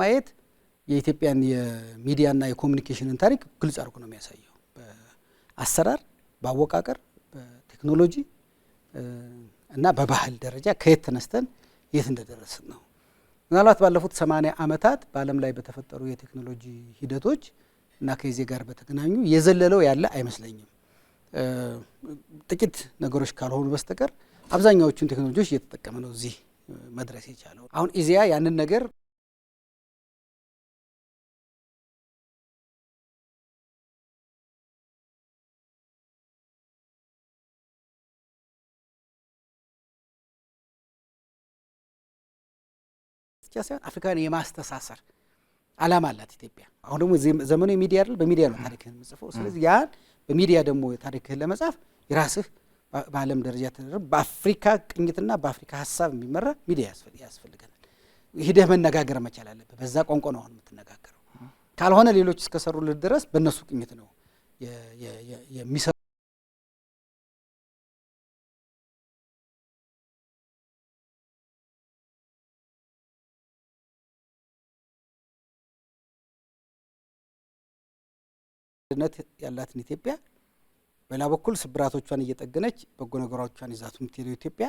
ማየት የኢትዮጵያን የሚዲያና የኮሚኒኬሽንን ታሪክ ግልጽ አድርጎ ነው የሚያሳየው። በአሰራር፣ በአወቃቀር፣ በቴክኖሎጂ እና በባህል ደረጃ ከየት ተነስተን የት እንደደረስን ነው። ምናልባት ባለፉት ሰማንያ ዓመታት በዓለም ላይ በተፈጠሩ የቴክኖሎጂ ሂደቶች እና ከዚህ ጋር በተገናኙ የዘለለው ያለ አይመስለኝም። ጥቂት ነገሮች ካልሆኑ በስተቀር አብዛኛዎቹን ቴክኖሎጂዎች እየተጠቀመ ነው እዚህ መድረስ የቻለው። አሁን ኢዜአ ያንን ነገር ብቻ ሳይሆን አፍሪካን የማስተሳሰር አላማ አላት ኢትዮጵያ። አሁን ደግሞ ዘመኑ የሚዲያ አይደል? በሚዲያ ነው ታሪክህን የምጽፈው። ስለዚህ ያን በሚዲያ ደግሞ ታሪክህን ለመጻፍ የራስህ በዓለም ደረጃ ተደረ በአፍሪካ ቅኝትና በአፍሪካ ሀሳብ የሚመራ ሚዲያ ያስፈልገናል። ሂደህ መነጋገር መቻል አለብህ። በዛ ቋንቋ ነው አሁን የምትነጋገረው። ካልሆነ ሌሎች እስከሰሩልህ ድረስ በእነሱ ቅኝት ነው የሚሰሩ አንድነት ያላትን ኢትዮጵያ በሌላ በኩል ስብራቶቿን እየጠገነች በጎ ነገሯቿን ይዛት የምትሄደው ኢትዮጵያ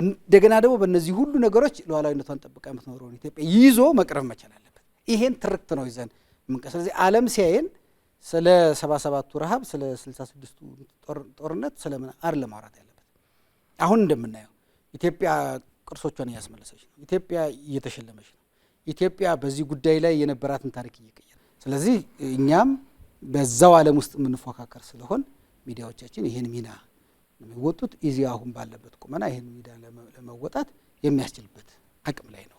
እንደገና ደግሞ በእነዚህ ሁሉ ነገሮች ሉዓላዊነቷን ጠብቃ የምትኖረውን ኢትዮጵያ ይዞ መቅረብ መቻል አለበት። ይሄን ትርክት ነው ይዘን ምንቀ ስለዚህ ዓለም ሲያየን ስለ ሰባ ሰባቱ ረሃብ ስለ ስልሳ ስድስቱ ጦርነት ስለምን አር ለማውራት ያለበት አሁን እንደምናየው ኢትዮጵያ ቅርሶቿን እያስመለሰች ነው። ኢትዮጵያ እየተሸለመች ነው። ኢትዮጵያ በዚህ ጉዳይ ላይ የነበራትን ታሪክ እየቀየረ ስለዚህ እኛም በዛው ዓለም ውስጥ የምንፎካከር ስለሆን ሚዲያዎቻችን ይህን ሚና የሚወጡት ኢዚ አሁን ባለበት ቁመና ይህን ሚዲያ ለመወጣት የሚያስችልበት አቅም ላይ ነው።